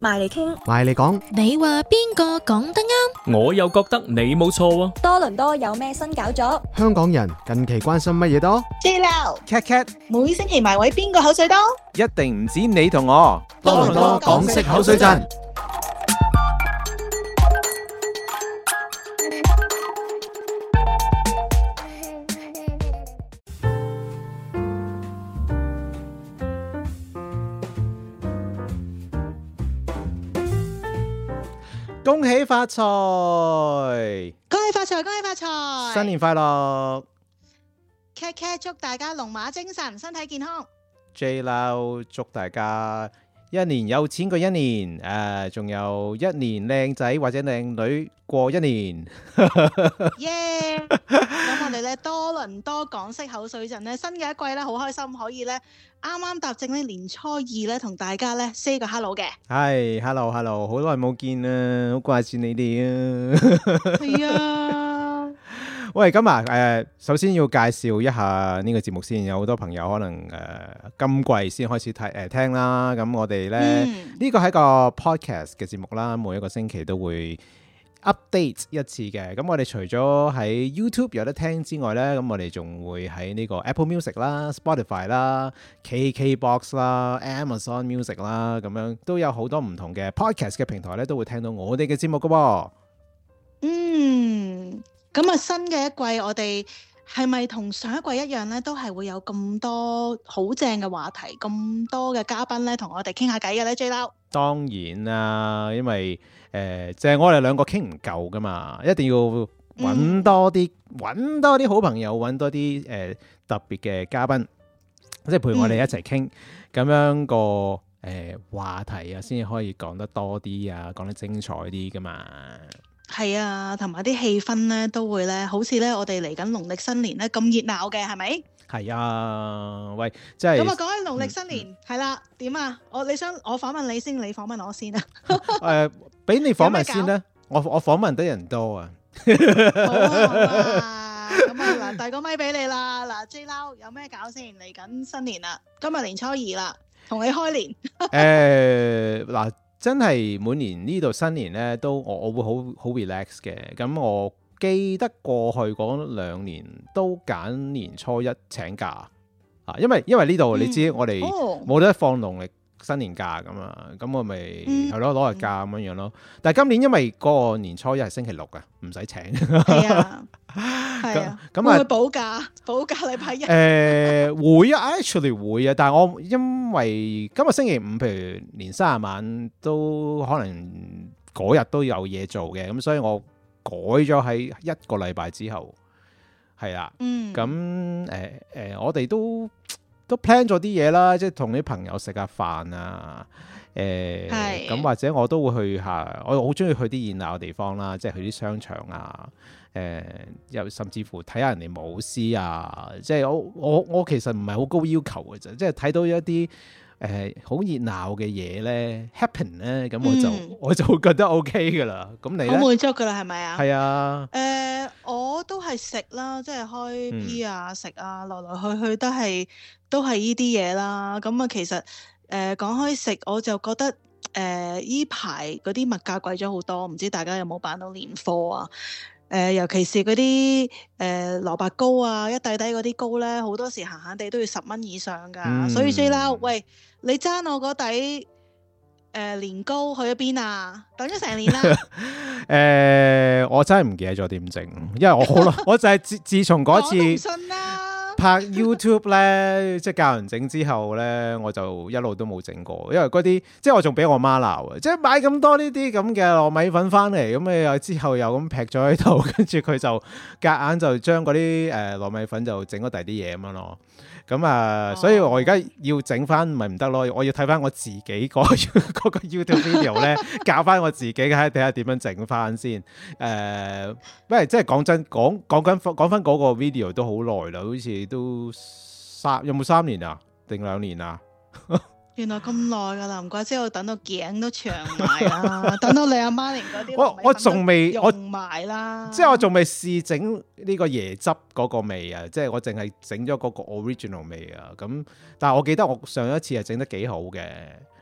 埋嚟傾，埋嚟講，你話邊個講得啱？我又覺得你冇錯。多倫多有咩新搞作？香港人近期關心乜嘢多？JLau、Kat Kat，每星期埋位邊個口水多？一定唔止你同我。多倫多港式口水陣。發財！恭喜發財！恭喜發財！新年快樂！Kat Kat 祝大家龍馬精神，身體健康。JLau 祝大家，一年有錢過一年，誒、啊，仲有一年靚仔或者靚女過一年。耶、 yeah!！咁我哋咧多倫多港式口水陣咧，新嘅一季咧好開心可以咧，啱啱踏正咧年初二咧同大家咧 say 個 hello 嘅。係，hello hello，好耐冇見啊，好掛住你哋啊。係啊。喂，咁啊，誒、呃，首先要介紹一下呢個節目先，有好多朋友可能誒、呃，今季先開始睇誒、呃、聽啦。咁我哋咧，呢、嗯、個係個 podcast 嘅節目啦，每一個星期都會 update 一次嘅。咁我哋除咗喺 YouTube 有得聽之外咧，咁我哋仲會喺呢個 Apple Music 啦、Spotify 啦、KKBox 啦、Amazon Music 啦，咁樣都有好多唔同嘅 podcast 嘅平台咧，都會聽到我哋嘅節目噶噃。嗯。咁啊，新嘅一季，我哋係咪同上一季一樣咧，都係會有咁多好正嘅話題，咁多嘅嘉賓咧，同我哋傾下偈嘅咧，J 佬？當然啦，因為誒，就係我哋兩個傾唔夠噶嘛，一定要揾多啲，揾多啲好朋友，揾多啲誒特別嘅嘉賓，即係陪我哋一齊傾，咁樣個誒話題啊，先至可以講得多啲啊，講得精彩啲噶嘛～係啊，同埋啲氣氛咧都會咧，好似咧我哋嚟緊農曆新年咧咁熱鬧嘅，係咪？係啊，喂，即係咁啊！講起農曆新年，係啦、嗯、點、嗯、啊、啊？我你想我訪問你先，你訪問我先啊？誒、 哎，俾你訪問先啦，我我訪問得人多啊。咁 啊，嗱、啊，第、嗯、二個咪俾你啦。嗱、啊、J Lau 有咩搞先？嚟緊新年啦，今日年初二啦，同你開年。誒、 哎，嗱。真係每年呢度新年咧，都我我會好好 relax 嘅。咁我記得過去兩年都揀年初一請假，啊，因為因為呢度你知我哋冇得放農曆，哦新年假咁啊，咁我咪係咯攞日假咁樣樣咯。嗯、但係今年因為嗰個年初一係星期六 啊，唔使請。係啊，係啊。咁啊、 呃，會補假補假禮拜一。誒，會啊，actually 會啊。但係我因為今日星期五，譬如年卅晚都可能嗰日都有嘢做嘅，咁所以我改咗喺一個禮拜之後。係啦、啊，嗯。咁誒誒，我哋都。都 plan 咗啲嘢啦，即係同啲朋友食下飯啊，誒、呃，咁是或者我都會去下。我好中意去啲熱鬧嘅地方啦，即係去啲商場啊，誒、呃，又甚至乎睇下人哋舞獅啊，即係我我我其實唔係好高要求嘅啫，即係睇到一啲。誒，好熱鬧嘅嘢咧，happen 咧，咁我就、嗯、我就覺得 OK 噶啦。咁你好滿足噶啦，係咪啊？係啊。誒、呃，我都係食啦，即係開 P 啊，食啊，來來去去都係都係依啲嘢啦。咁、嗯、啊，其實誒講、呃、開食，我就覺得誒依排嗰啲物價貴咗好多，唔知大家有冇辦到年貨啊？誒、呃、尤其是嗰啲誒蘿蔔糕啊，一底底嗰啲糕咧，好多時閒閒地都要十蚊以上噶。嗯、所以 j i 喂，你爭我嗰底誒、呃、年糕去咗邊啊？等咗成年啦。誒、 呃，我真係唔記得咗點整，因為我好啦， 我就係自自從嗰次，拍 YouTube 咧，即係教人整之後咧，我就一路都冇整過，因為嗰啲即係我仲俾我媽鬧啊，即係買咁多呢啲咁嘅糯米粉翻嚟，咁你又之後又咁劈咗喺度，跟住佢就夾硬就將嗰啲誒糯米粉就整咗第啲嘢咁樣咯。咁啊，oh. 所以我而家要整翻，咪唔得咯。我要睇翻我自己嗰 個 YouTube video 咧，教翻我自己睇下點樣整翻先。誒，喂，即係講真，講講緊講翻嗰個 video 都好耐啦，好似都三，有冇三年啊，定兩年啊？ 原來咁耐㗎喇，唔怪之我等到頸都長埋啦， 等到你阿媽嚟嗰啲。我我仲未，我用埋啦，即係我仲未試整呢個椰汁嗰個味啊！即係我淨係整咗嗰個 original 味啊。咁，但係我記得我上一次係整得幾好嘅，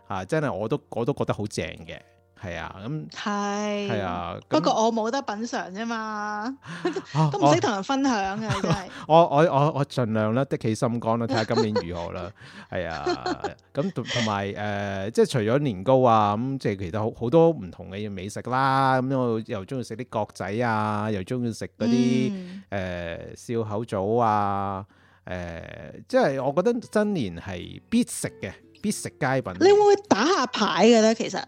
嚇、啊、真係我都我都覺得好正嘅。係啊，咁係，係是啊，不過我冇得品嘗啫嘛，啊、都唔識同人分享嘅，我真係的。 我我我我盡量啦，的起心肝啦，睇下今年如何啦。係 啊，咁同埋誒，即係除咗年糕啊，咁即係其他好好多唔同嘅嘢美食啦、啊。咁我又中意食啲角仔啊，又中意食嗰啲誒笑口棗啊，誒、呃，即係我覺得新年係必食嘅，必食佳品。你會唔會打下牌嘅咧？其實？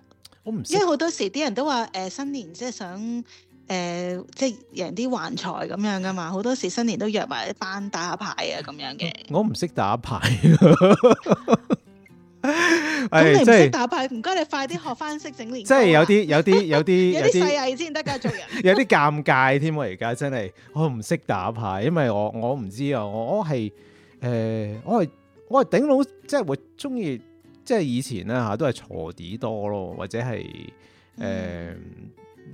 因為好多時啲人都話，誒新年即係想，誒、呃、即係贏啲橫財咁樣噶嘛，好多時新年都約埋一班打牌啊咁樣嘅。我唔識打， 打牌，咁你唔識打牌，唔該你快啲學翻識整年。即係有啲有啲有啲有啲細藝先得噶做人，有啲尷 尬添。而家真係我唔識打牌，因為我我唔知啊，我係誒我係、呃、我係頂佬，即係我中意。即係以前咧嚇，都係鋤地多咯，或者係誒、呃嗯，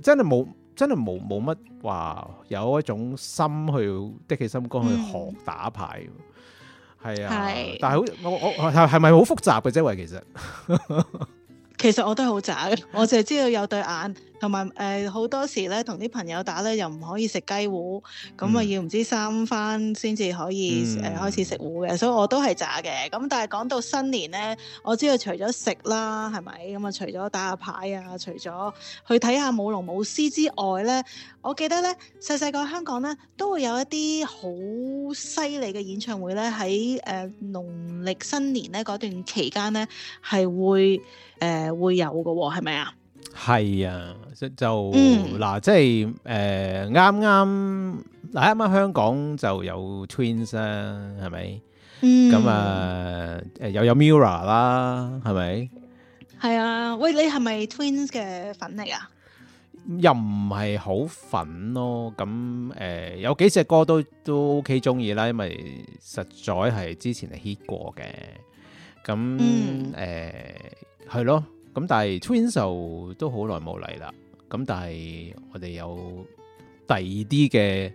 真係冇真係冇冇乜話有一種心去的起心肝去學打牌，係、嗯、啊。是但係好我我係咪好複雜嘅啫？喎，其實是是 其實我都好渣嘅，我淨係知道有對眼。同埋誒好多時咧，同啲朋友打咧又唔可以食雞糊，咁啊、嗯、要唔知三番先至可以誒、嗯呃、開始食糊嘅，所以我都係炸嘅。咁但係講到新年咧，我知道除咗食啦，係咪咁啊？除咗打下牌啊，除咗去睇下舞龍舞獅之外咧，我記得咧細細個香港咧都會有一啲好犀利嘅演唱會咧喺誒農曆新年咧嗰段期間咧係會誒、呃、會有嘅喎、哦，係咪啊？係啊，就嗱，即係誒，啱啱嗱，啱啱香港就有 Twins 啦，係咪？嗯，咁啊、嗯，誒、呃，又有 MIRROR 啦，係咪？係啊，喂，你係咪 Twins 嘅粉嚟啊？又唔係好粉咯，咁、嗯、誒，有幾隻歌都都 OK 中意啦，因為實在係之前係 hit 過嘅，咁、嗯嗯、誒係咯。咁、嗯、但係 Twins 就都好耐冇嚟啦，咁、嗯、但係我哋有第二啲嘅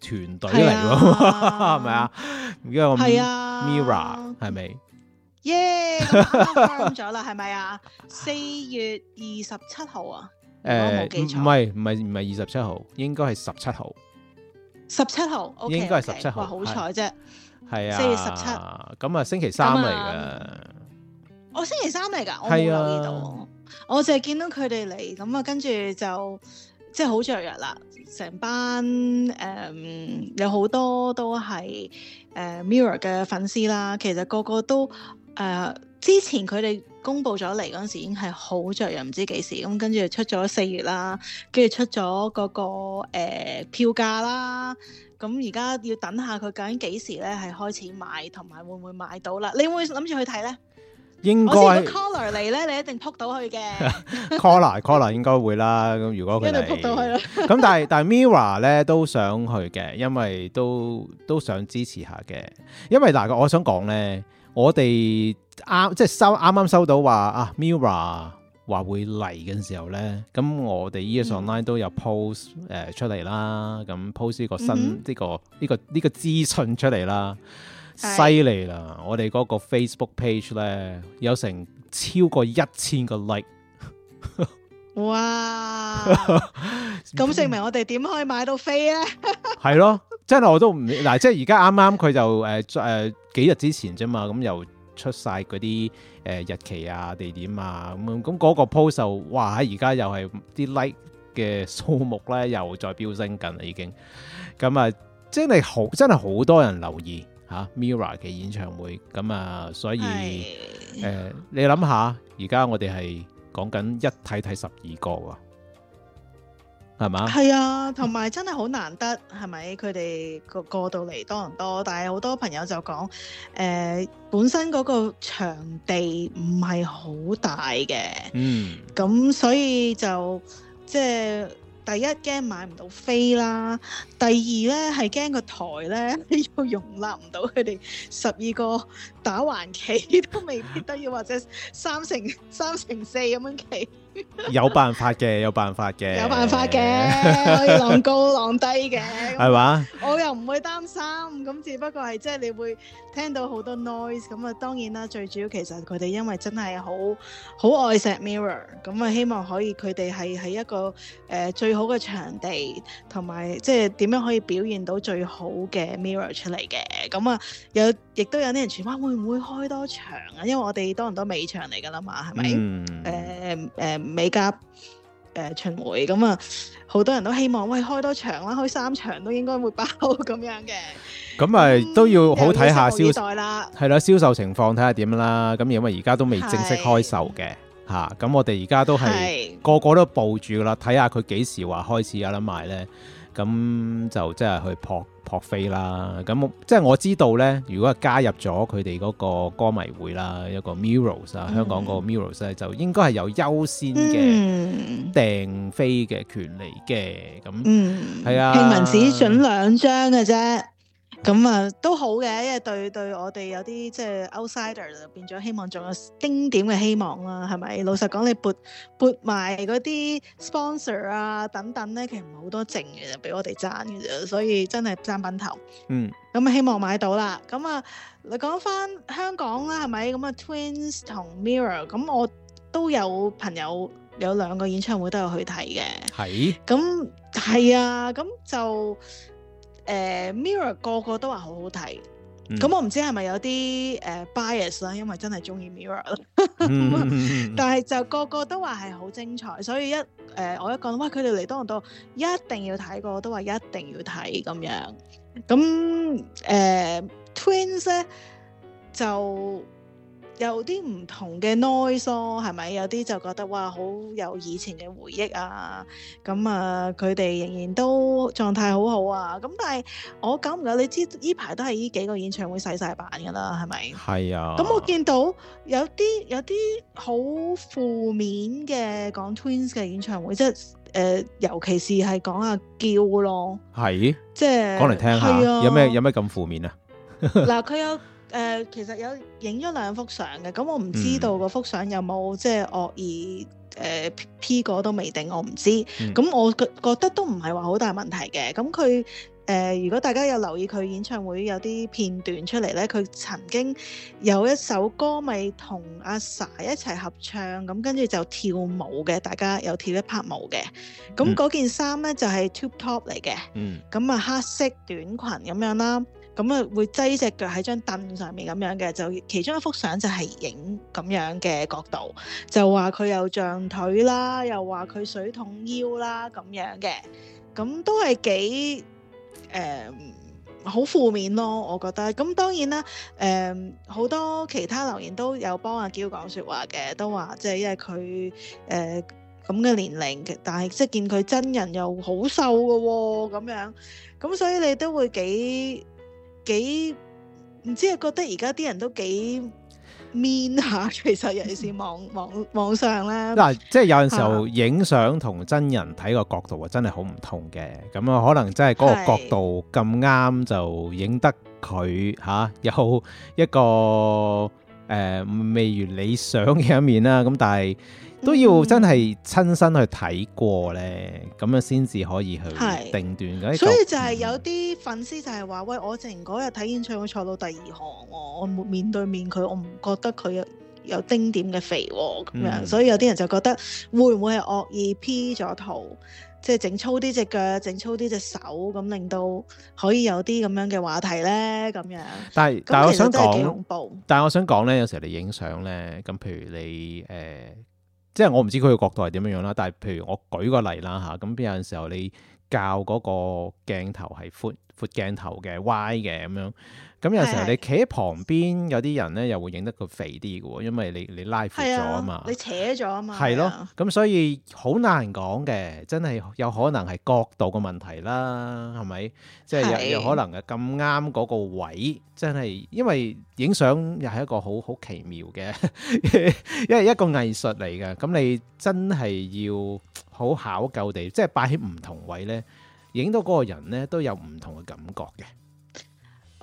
團隊嚟，係咪啊？而家我 Mirror 係咪耶，e 咗啦，係咪啊？四月二十七號啊？誒、啊，唔係唔係唔係二十七號，應該係十七號。十七號，okay, okay, 應該係十七號，好彩啫。係是啊，四月十七，咁啊星期三嚟嘅。我星期三嚟㗎，我冇留意到。啊、我淨係見到佢哋嚟，咁啊，跟住就即係好雀躍啦。成班誒、呃，有好多都係誒、呃、Mirror 嘅粉絲啦。其實個個都誒、呃，之前佢哋公布咗嚟嗰陣時已經係好雀躍，唔知幾時。咁跟住出咗四月啦，跟住出咗嗰、嗰個、呃、票價啦。咁而家要等下佢究竟幾時咧係開始買，同埋會唔會買到啦？你會諗住去睇咧？應該 caller 嚟咧，你一定撲到去嘅。 caller、er, caller、er、應該會啦。咁如果佢一定撲到去啦。咁 但係但係 MIRROR 咧都想去嘅，因為都都想支持下嘅。因為嗱，我想講咧，我哋啱即係收啱啱收到話啊 MIRROR 話會嚟嘅時候咧，咁我哋依家上 line 都有 post 誒、嗯呃、出嚟啦，咁 post 呢個新呢、嗯這個呢、這個呢、這個資訊出嚟啦。犀利啦！我哋嗰個 Facebook page 咧，有成超過一千個 like， 哇！咁 證明我哋點可以買到飛咧？係 咯，真係我都唔嗱，即係而家啱啱佢就誒誒、呃、幾日之前啫嘛，咁又出晒嗰啲誒日期啊、地點啊咁咁，嗰個 post 哇，而家又係啲 like 嘅數目咧，又再飆升緊啦，已經咁啊，真係好真係好多人留意。MIRROR 嘅演唱會，咁啊，所以誒是、呃，你諗下，而家我哋係講緊一睇睇十二個喎，係嘛？係啊，同埋真係好難得，係咪？佢哋過過到嚟多倫多，但係好多朋友就講誒、呃，本身嗰個場地唔係好大嘅，嗯，咁所以就即係。第一驚買唔到飛啦，第二咧係驚個台咧，你要容納唔到佢哋十二個打橫企都未必得，要或者三成三成四咁樣企。 有辦法嘅，有辦法嘅，有辦法嘅， 可以浪高浪低嘅，係嘛？我又唔會擔心，咁只不過係即係你會聽到好多 noise，咁啊當然啦，最主要其實佢哋因為真係好好愛錫 mirror，咁啊希望可以佢哋係係一個誒、呃、最好嘅場地，同埋即係點樣可以表現到最好嘅 mirror 出嚟嘅，咁啊有。亦都有啲人傳話，會唔會開多場啊？因為我哋多唔多美場嚟噶啦嘛，係咪？誒誒美加誒巡迴咁啊，好、嗯、多人都希望喂、呃、開多場啦、啊，開三場都應該會爆咁樣嘅。咁啊都要好睇下銷售。係啦，係啦，銷售情況睇下點啦。咁因為而家都未正式開售嘅嚇，咁的、啊、我哋而家都係的個個都報住啦，睇下佢幾時話開始有得賣咧。想想咁就即係去撲撲飛啦！咁即係我知道呢，如果係加入咗佢哋嗰個歌迷會啦，一個 MIRROR 啊、嗯， 香港個 MIRROR 就應該係有優先嘅訂、嗯、飛嘅權利嘅。咁，係、嗯、啊，平民只准兩張嘅啫。咁啊，都好嘅，因為對對我哋有啲即係 outsider 就變咗希，希望，仲有丁點嘅希望啦，係咪？老實講，你撥撥埋嗰啲 sponsor 啊等等咧，其實唔係好多剩嘅，就俾我哋爭嘅啫，所以真係爭品頭。嗯。咁啊，希望買到啦。咁啊，你講翻香港啦，係咪？咁啊，Twins 同 Mirror，咁我都有朋友有兩個演唱會都有去睇嘅。係是。咁係啊，咁就。誒、uh, MIRROR 個個都話好好睇，咁、mm. 嗯、我唔知係咪有啲誒、uh, bias 啦，因為真係鍾意 MIRROR， mm. 但係就個個都話係好精彩，所以一誒、呃、我一講哇佢哋嚟多倫多一定要睇，個都話一定要睇咁樣，咁誒、呃、TWINS 咧就有啲唔同嘅 noise 咯，係咪？有啲就覺得哇，好有以前嘅回憶啊！咁、嗯、啊，佢、嗯、哋、嗯、仍然都狀態好好啊！咁、嗯、但係我搞唔搞？你知呢排都係呢幾個演唱會洗曬版㗎喇，係咪？係啊！咁、嗯、我見到有啲有啲好負面嘅講 Twins 嘅演唱會，即係誒、呃，尤其是係講阿叫咯，係即係講嚟聽、聽下，啊、有咩有咩咁負面啊？嗱，佢有。誒、呃，其實有影咗兩幅相嘅，咁我唔知道嗰幅相有冇、嗯、即係惡意誒 P、呃、過都未定，我唔知。咁、嗯、我覺得都唔係話好大問題嘅。咁佢誒，如果大家有留意佢演唱會有啲片段出嚟咧，佢曾經有一首歌咪同阿 Sa 一齊合唱，咁跟住就跳舞嘅，大家有跳一 part 舞嘅。咁嗰件衫咧就係 tube top 嚟嘅，咁啊、嗯嗯、黑色短裙咁樣啦。咁啊，會擠隻腳喺張凳上面咁樣嘅，就其中一幅相就係影咁樣嘅角度，就話佢有象腿啦，又話佢水桶腰啦咁樣嘅，咁都係幾誒好、呃、負面咯，我覺得。咁當然啦，誒、呃、好多其他留言都有幫阿嬌講説話嘅，都話即係因為佢誒咁嘅年齡，但係即係見佢真人又好瘦㗎喎，咁樣，咁所以你都會幾。幾唔知係覺得而家啲人都幾 mean 下，其實尤其是網網網上啦。嗱，即係有陣時候影相同真人睇個角度啊，真係好唔同嘅。咁啊，可能真係嗰個角度咁啱就影得佢吓有一個誒未如理想嘅一面啦。咁但係，都要真係親身去睇過呢，咁樣先至可以去定斷嘅。所以就係有啲粉絲就係話：喂，我前嗰日睇演唱會，坐到第二行，我面對面佢，我唔覺得佢有有丁點嘅肥喎。咁樣，嗯、所以有啲人就覺得會唔會係惡意 P 咗圖，即係整粗啲隻腳，整粗啲隻手，咁令到可以有啲咁樣嘅話題呢？」咁樣。但係，但係我想講，但係我想講呢，有時候你影相呢，咁譬如你誒。呃即係我唔知佢嘅角度係點樣樣啦，但係譬如我舉個例啦吓，咁有陣時候你較嗰個鏡頭係闊闊鏡頭嘅，歪嘅咁樣。咁有時候你企喺旁邊，有啲人咧又會影得佢肥啲嘅喎，因為你你拉闊咗啊嘛，你扯咗啊嘛，係咯、啊，咁、啊、所以好難講嘅，真係有可能係角度嘅問題啦，係咪？即係有是有可能係咁啱嗰個位，真係因為影相又係一個好好奇妙嘅，因為一個, 一個藝術嚟嘅，咁你真係要好考究地，即係擺喺唔同位咧，影到嗰個人咧都有唔同嘅感覺嘅。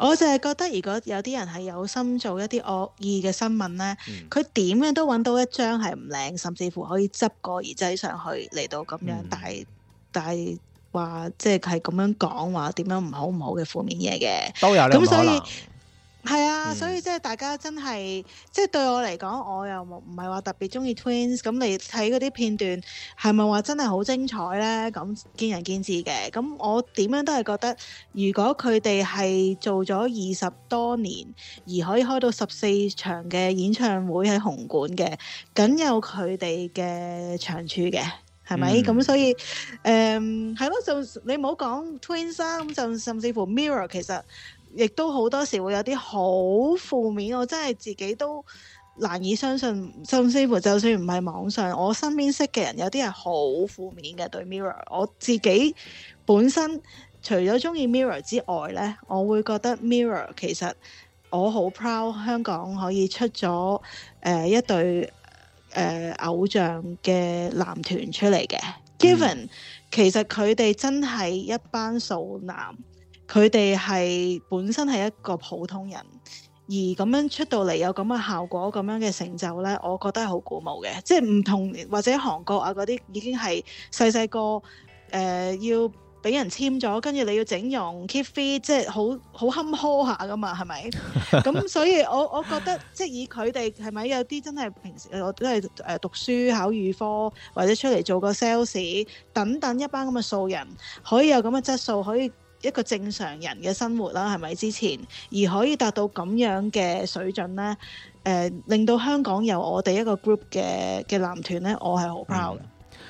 我就係覺得，如果有啲人係有心做一啲惡意嘅新聞咧，佢點樣都揾到一張係唔靚，甚至乎可以執個而擠上去嚟到咁樣，但係但係話即係係咁樣講話點樣唔好唔好嘅負面嘢嘅，都有咁所以。係啊，嗯、所以即係大家真係，即係對我嚟講，我又唔唔係話特別中意 Twins。咁你睇嗰啲片段係咪話真係好精彩呢？咁見仁見智嘅。咁我點樣都係覺得，如果佢哋係做咗二十多年，而可以開到十四場嘅演唱會喺紅館嘅，梗有佢哋嘅長處嘅。係咪？咁、嗯、所以，誒、嗯，係咯，就你唔好講 Twins 啦、啊，咁就甚至乎 Mirror 其實。亦都好多時會有啲好負面，我真係自己都難以相信。甚至乎，就算唔係網上，我身邊識嘅人有啲係好負面嘅對 Mirror。我自己本身除咗中意 Mirror 之外呢，我會覺得 Mirror 其實我好 proud 香港可以出咗誒、呃、一隊誒、呃、偶像嘅男團出嚟嘅。Even、嗯、其實佢哋真係一班素男。佢哋係本身係一個普通人，而咁樣出到嚟有咁嘅效果、咁樣嘅成就咧，我覺得係好鼓舞嘅。即係唔同或者韓國啊嗰啲已經係細細個誒、呃、要俾人簽咗，跟住你要整容 keep fit，即係好好坎坷下噶嘛，係咪？咁 所以我我覺得即係以佢哋係咪有啲真係平時我都係誒讀書考預科或者出嚟做個 sales 等等一班咁嘅素人，可以有咁嘅質素，可以。一個正常人嘅生活啦，係咪之前而可以達到咁樣嘅水準呢、呃，令到香港有我哋一個 group 嘅嘅男團呢。我係好 proud 嘅。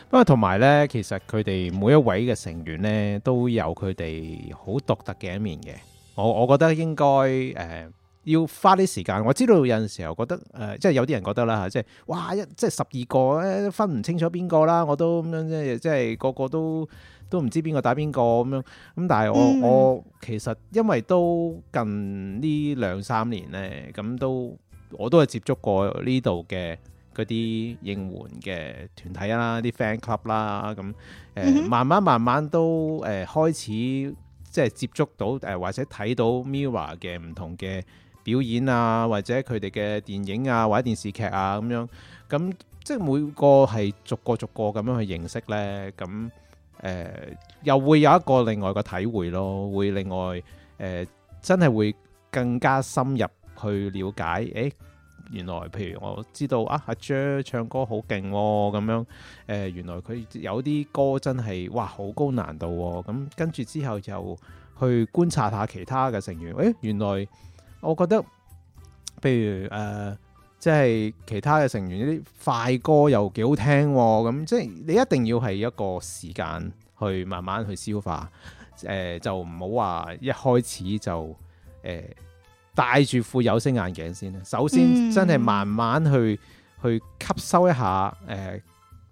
不過同埋呢，其實佢哋每一位嘅成員呢，都有佢哋好獨特嘅一面嘅。我我覺得應該誒、呃，要花啲時間。我知道有陣時候覺得誒、呃，即係有啲人覺得啦，即係哇一即係十二個咧，分唔清楚邊個啦，我都咁樣即係即係個個都。都唔知邊個打邊個咁樣，咁但係我、嗯、我其實因為都近呢兩三年呢，咁都我都係接觸過呢度嘅嗰啲應援嘅團體啦，啲 fan club 啦，咁、呃、誒、嗯、哼慢慢慢慢都誒、呃、開始即係接觸到誒、呃，或者睇到 MIRROR 嘅唔同嘅表演啊，或者佢哋嘅電影啊，或者電視劇啊咁樣，咁即係每個係逐個逐個咁樣去認識呢。咁。誒、呃、又會有一個另外個體會咯，會另外誒、呃、真係會更加深入去了解。誒原來譬如我知道啊阿 Jer、唱歌好勁喎，咁樣誒、呃、原來佢有啲歌真係哇好高難度喎。咁、嗯、跟住之後就去觀察下其他嘅成員。誒原來我覺得譬如誒。呃即係其他嘅成員呢啲快歌又幾好聽喎，咁即係你一定要係一個時間去慢慢去消化，誒、呃、就唔好話一開始就誒、呃、戴住副有色眼鏡先啦。首先真係慢慢去去吸收一下，誒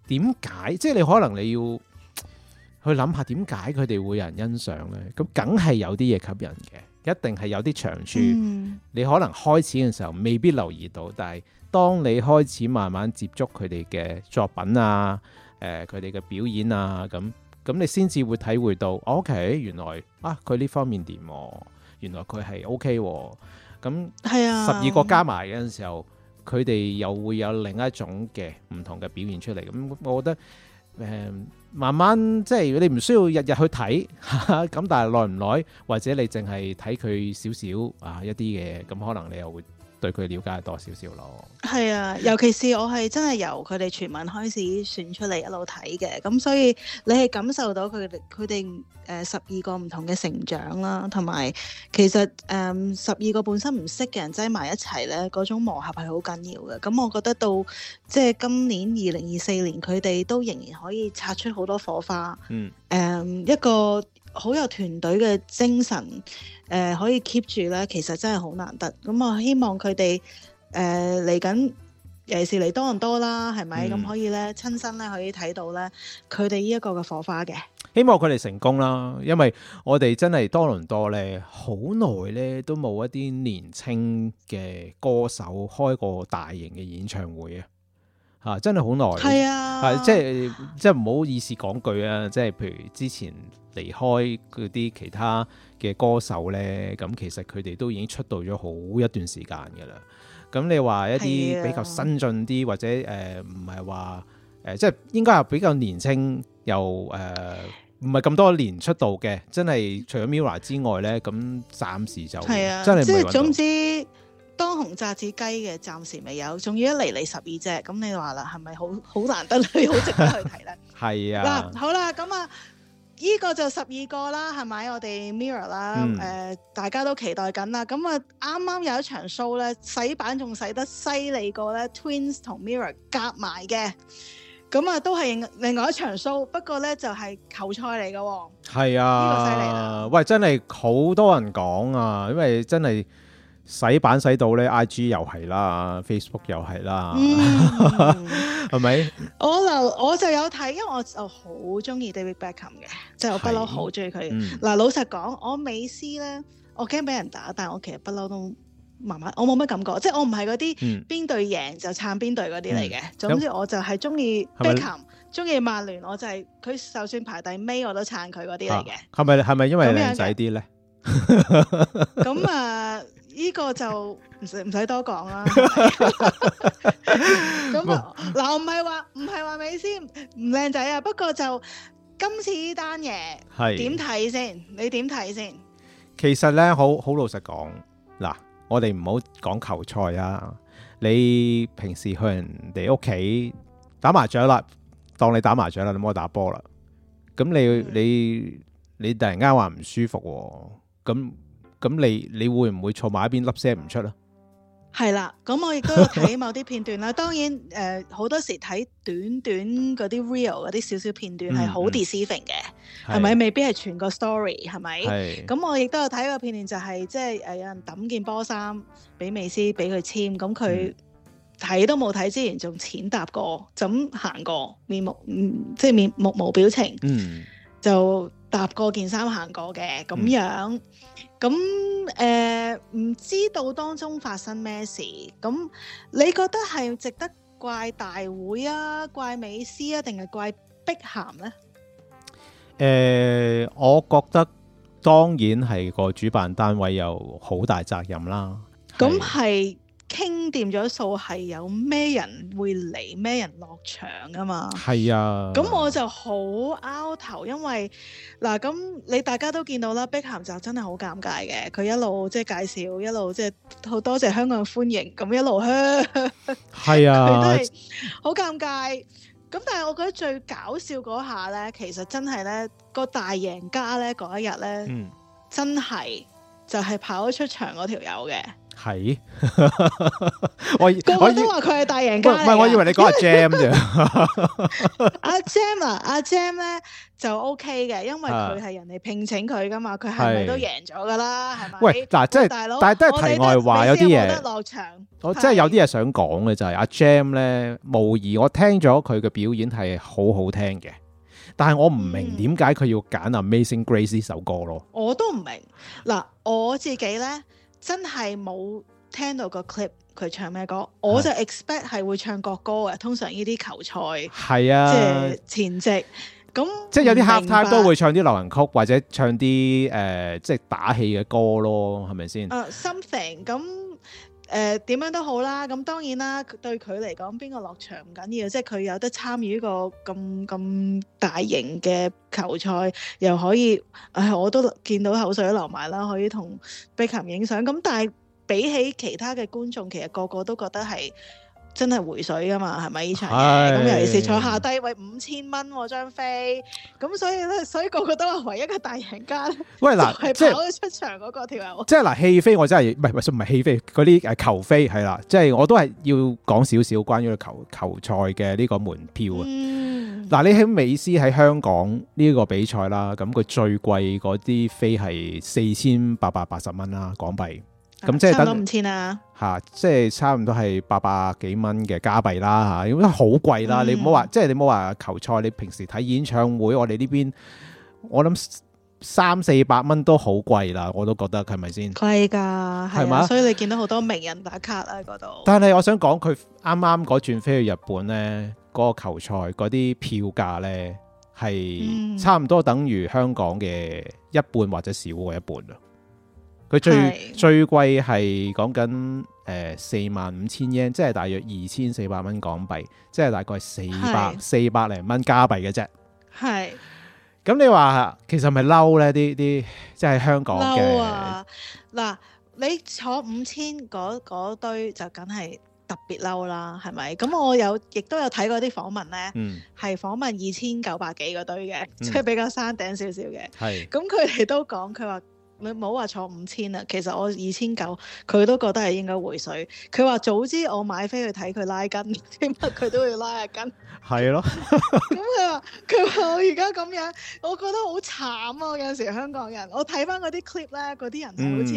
點解？即係你可能你要去諗下點解佢哋會有人欣賞咧？咁梗係有啲嘢吸引嘅。一定係有啲長處，嗯、你可能開始嘅時候未必留意到，但係當你開始慢慢接觸佢哋嘅作品啊，誒佢哋嘅表演啊，咁咁你先至會體會到，OK，嗯、原來啊佢呢方面掂，原來佢係 OK，咁係啊，十二個加埋嘅時候，佢哋又會有另一種嘅唔同嘅表現出嚟，咁我覺得誒。呃慢慢即係你唔需要日日去睇咁，但係耐唔耐或者你淨係睇佢少少啊一啲嘅，咁可能你又會，對佢了解多少少咯，係啊，尤其是我係真係由佢哋全民開始選出嚟一路睇嘅，咁所以你係感受到佢哋佢哋誒十二個唔同嘅成長啦，同埋其實誒十二個本身唔識嘅人擠埋一齊咧，嗰種磨合係好緊要嘅。咁我覺得到即係今年二零二四年，佢哋都仍然可以擦出好多火花。嗯、呃，誒一個。好有團隊嘅精神，誒、呃，可以 keep 住咧，其實真係好難得。咁、嗯、我希望佢哋誒嚟緊，尤其是嚟多倫多啦，係咪咁可以咧親身咧可以睇到咧佢哋呢一個嘅火花嘅。希望佢哋成功啦，因為我哋真係多倫多咧，好耐咧都冇一啲年輕嘅歌手開過大型嘅演唱會啊。吓、啊,真係好耐,係啊，啊,即係即係唔好意思講句啊,即係譬如之前離開嗰啲其他嘅歌手咧,咁其實佢哋都已經出道咗好一段時間嘅啦。咁你話一啲比較新進啲、啊、或者誒唔係話誒,即係應該係比較年輕又誒,唔係咁多年出道嘅,真係除咗 MIRROR 之外咧,咁暫時就、啊、真即係總之。當紅炸子雞嘅暫時未有，仲要一嚟嚟十二隻，咁你話啦，係咪好好難得，好值得去睇咧？係 是啊，啊！嗱，好啦，咁啊，依個就十二個啦，係咪？我哋 Mirror 啦，誒、嗯呃，大家都期待緊啦。咁啊，啱啱有一場 show 咧，洗版仲洗得犀利過咧 Twins 同 Mirror 夾埋嘅，咁啊，都係另外一場 show，不過咧就係、是、球賽嚟嘅喎。係是啊！呢個犀利啊！喂，真係好多人講啊，嗯、因為真係。洗版洗到咧，IG 又係啦，Facebook 又係啦，係咪？我留我就有睇，因為我就好中意 David Beckham 嘅，即係我不嬲好中意佢。嗱、嗯，老實講，我美斯咧，我驚俾人打，但係我其實不嬲都麻麻，我冇乜感覺。即、就、係、是、我唔係嗰啲邊隊贏就撐邊隊嗰啲嚟嘅。嗯、總之我就係中意 Beckham，中意曼聯，我就係佢就算排第尾我都撐佢嗰啲嚟嘅。係咪係咪因為靚仔啲咧？咁 啊，呢、這個就唔使唔使多講啦。咁 啊，嗱唔係話唔係話美斯唔靚仔啊。不過就今次呢單嘢係點睇先？你點睇先？其實咧，好好老實講，嗱，我哋唔好講球賽啊。你平時去人哋屋企打麻雀啦，當你打麻雀啦，你唔好打波啦。咁、嗯、你你你突然間話唔舒服喎、啊？咁，咁，你你會唔會坐埋一邊粒聲唔出啦？係啦，咁我亦都有睇某啲片段啦。當然，誒，好多時睇短短嗰啲 real 嗰啲少少片段係好 deceiving 嘅，係咪？未必係全個 story，係咪？咁我亦都有睇個片段，就係即係誒，有人抌件波衫俾美斯，俾佢簽，咁佢睇都冇睇，之前仲淺踏過，就咁行過，面目嗯，即係面目無表情，嗯，就。搭過件衫行過嘅咁樣，咁誒唔知道當中發生咩事？咁你覺得係值得怪大會啊、怪美斯啊，定係怪碧鹹呢？誒，我覺得當然係個主辦單位有好大責任啦。咁係。傾掂咗數係有咩人會嚟，咩人落場㗎嘛？係啊。咁我就好 out 頭，因為嗱咁、啊、你大家都見到啦，碧咸就真係好尷尬嘅。佢一路即係、就是、介紹，一路即係好多謝香港嘅歡迎，咁一路去係啊，都係好尷尬。咁但係我覺得最搞笑嗰下咧，其實真係咧、個大贏家咧嗰一日咧，嗯、真係就係跑咗出場嗰條友嘅。係，我我都話佢係大贏家。唔係，我以為你講阿 Jam 啫。阿 Jam 啊，阿 Jam 咧就 OK 嘅，因為佢係人哋聘請佢噶嘛，佢係咪都贏咗噶啦？係咪？喂，嗱，即係大佬，但係都係題外話，有啲嘢得落場我真係有啲嘢想講嘅就係阿 Jam 咧，無疑我聽咗佢嘅表演係好好聽嘅，但係我唔明點解佢要揀 Amazing Grace 呢首歌咯？我都唔明。嗱，我自己咧。真係冇聽到個 clip 佢唱咩歌，我就 expect 係會唱國歌嘅。通常呢啲球賽，係啊，即係前夕咁，即係有啲客太都會唱啲流行曲或者唱啲誒、呃、即打氣嘅歌咯，係咪先？啊、uh，something 咁。誒點、呃、樣都好啦，咁、嗯、當然啦，對佢嚟講邊個落場唔緊要，即係佢有得參與呢個咁咁大型嘅球賽，又可以，唉，我都見到口水都流埋啦，可以同碧鹹影相。咁、嗯、但係比起其他嘅觀眾，其實個個都覺得係。真係回水噶嘛，係咪呢場？咁、哎、尤其是坐下低位五千蚊張飛，咁所以咧，所以個個都話唯一嘅大贏家咧。喂嗱，即係出場嗰個條友。即係嗱，戲飛我真係唔係唔係唔係戲飛嗰啲誒球飛係啦，即、就、係、是、我都係要講少少關於球球賽嘅呢個門票啊。嗱、嗯，你喺美斯喺香港呢個比賽啦，咁佢最貴嗰啲飛係四千八百八十蚊啦港幣。咁即係差唔多五千啊！嚇、啊嗯，即係差唔多係八百幾蚊嘅加幣啦嚇，咁好貴啦！你唔好話，即係你唔好話球賽，你平時睇演唱會，我哋呢邊，我諗三四百蚊都好貴啦，我都覺得係咪先？貴㗎，係嘛、啊？吧所以你見到好多名人打卡啊嗰度。 但係我想講，佢啱啱嗰轉飛去日本咧，嗰、嗰個球賽嗰啲票價咧係差唔多等於香港嘅一半或者少過一半啊。佢最是最貴係講緊誒四萬五千 yen 即係大約二千四百蚊港幣，即係大概是四百四百零蚊加幣嘅啫。係是。咁、嗯、你話其實咪嬲咧？啲啲即係香港嘅嗱、啊，你坐五千嗰堆就梗係特別嬲啦，係咪？咁我有亦都有睇過啲訪問咧，係、嗯、訪問二千九百幾嗰堆嘅，即係、嗯、比較山頂少少嘅。係是。咁佢哋都講佢話。你唔好話坐五千啦，其實我二千九，佢都覺得係應該回水。佢話早知我買飛去睇佢拉筋，起乜佢都要拉下筋。係 咯 ，咁佢話佢話我而家咁樣，我覺得好慘啊！有陣時香港人，我睇翻嗰啲 clip 咧，嗰啲人好似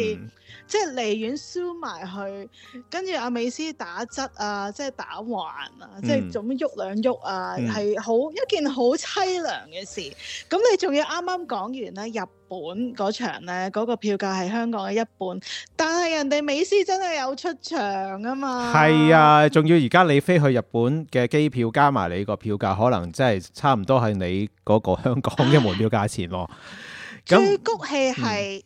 即係離遠輸埋去，跟住阿美斯打側啊，即、就、係、是、打橫啊，嗯、即係做乜喐兩喐啊，係好、嗯、一件好淒涼嘅事。咁你仲要啱啱講完咧入。本嗰場咧，嗰、嗰個票價係香港嘅一半，但係人哋美斯真係有出場啊嘛！係啊，仲要而家你飛去日本嘅機票加埋你個票價，可能真係差唔多係你嗰個香港嘅門票價錢。咁 那，最谷氣係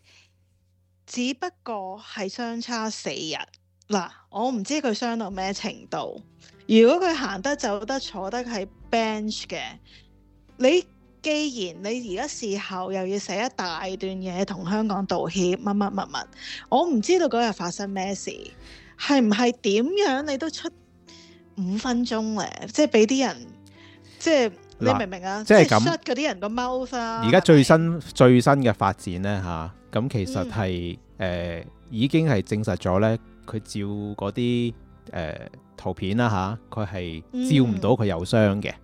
只不過係相差四日嗱，我唔知佢傷到咩程度。如果佢行得、走得、坐得係 bench 嘅，你。既然你而家事後又要寫一大段嘢，同香港道歉乜乜乜乜，我唔知道嗰日發生咩事，係唔係點樣你都出五分鐘咧？即係俾啲人，即係你明唔明啊？即係 shut 嗰啲人個 mouth。而家最新是是最新嘅發展咧，吓，咁其實係誒、嗯呃、已經係證實咗咧，佢照嗰啲誒圖片啦吓，佢係照唔到佢有傷嘅。嗯嗯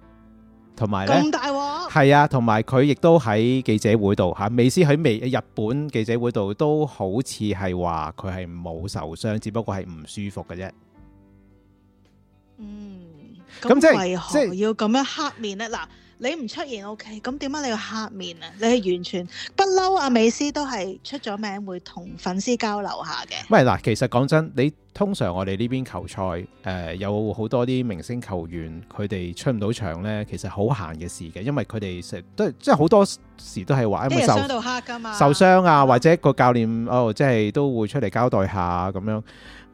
同埋咁大喎，係啊，同埋佢亦都喺記者會度嚇、啊，美斯喺美日本記者會度都好似係話佢係冇受傷，只不過係唔舒服嘅啫。嗯，咁為何要咁樣黑面咧？嗱。你唔出現 O K，咁點解你要黑面啊？你係完全不嬲。阿美斯都係出咗名，會同粉絲交流下嘅。唔係嗱，其實講真，你通常我哋呢邊球賽誒有好多啲明星球員，佢哋出唔到場咧，其實好閒嘅事嘅，因為佢哋成日都即係好多時都係話因為受受傷啊，或者個教練哦，即係都會出嚟交代下咁樣。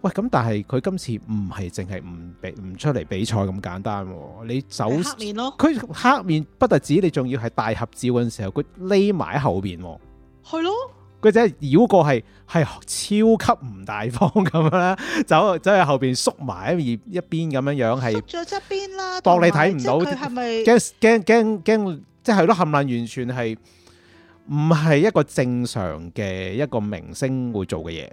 喂，咁但係佢今次唔係淨係唔俾唔出嚟比賽咁簡單，你走手佢黑面，黑面不單止你仲要係大合照嘅時候，佢匿埋喺後邊，係咯，佢即係繞過係係超級唔大方咁樣啦。走走去後邊縮埋一邊咁樣樣，係咗側邊啦，當你睇唔到，係咪？驚驚驚驚，即係咯，冚唪爛、就是、完全係唔係一個正常嘅一個明星會做嘅嘢。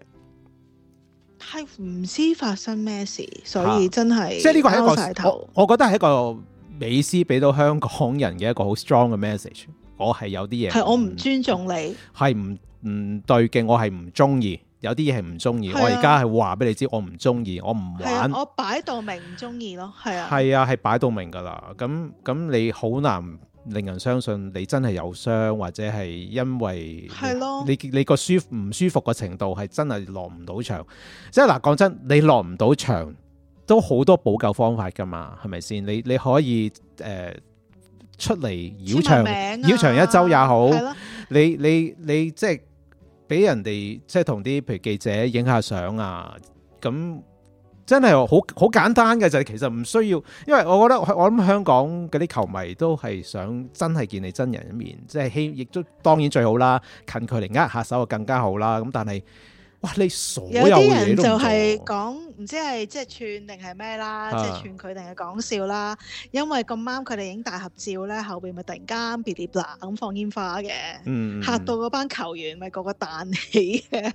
係唔知發生咩事，所以真係即係呢個係一個頭。我覺得係一個美斯俾到香港人嘅一個好 strong 嘅 message。我係有啲嘢係我唔尊重你，係唔唔對勁，我係唔中意。有啲嘢係唔中意，我而家係話俾你知，我唔中意，我唔玩，我擺到明唔中意咯，係啊，係啊，係擺到明㗎啦。咁咁你好難令人相信你真係有傷，或者係因為你的你個舒唔舒服嘅程度係真係落唔到場。即係嗱，講真，你落唔到場都好多補救方法㗎嘛，係咪先？你你可以誒、呃、出嚟繞場，繞、啊、場一周也好。的你你你，你即係俾人哋即係同啲譬如記者影下相啊，咁。真係好好簡單嘅就係其實唔需要，因為我覺得我諗香港嗰啲球迷都係想真係見你真人一面，即係希亦都當然最好啦，近距離握手就更加好啦。咁但係。哇，你有啲人就係講唔知係即係串定係咩啦，即係串佢定係講笑啦。因為咁啱佢哋影大合照咧，後邊咪突然間噼哩啪咁放煙花嘅，嚇到嗰班球員咪、就是、個個彈起嘅。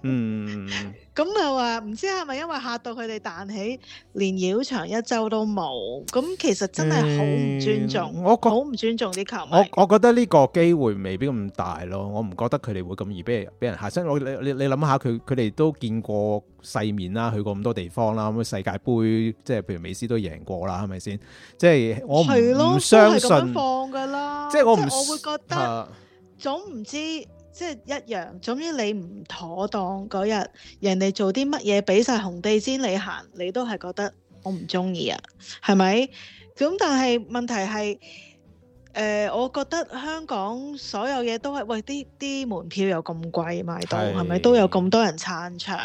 咁又話唔知係咪因為嚇到佢哋彈起，連繞場一周都冇。咁其實真係好唔尊重，嗯、尊重我覺好唔尊重啲球迷。我覺得呢個機會未必咁大咯。我唔覺得佢哋會咁易俾人俾人嚇親。我你你你諗下佢佢哋。都見過世面啦，去過咁多地方啦，咁世界杯即係譬如美斯都贏過啦，係咪先？即係我唔相信噶啦，即係我唔，我會覺得總唔知即係一樣，總之你唔妥當嗰日，人哋做啲乜嘢，俾晒紅地氈你行，你都係覺得我唔中意啊？係咪？咁但係問題係。誒、呃，我覺得香港所有嘢都係，喂啲啲門票又咁貴，賣到係咪都有咁多人撐場？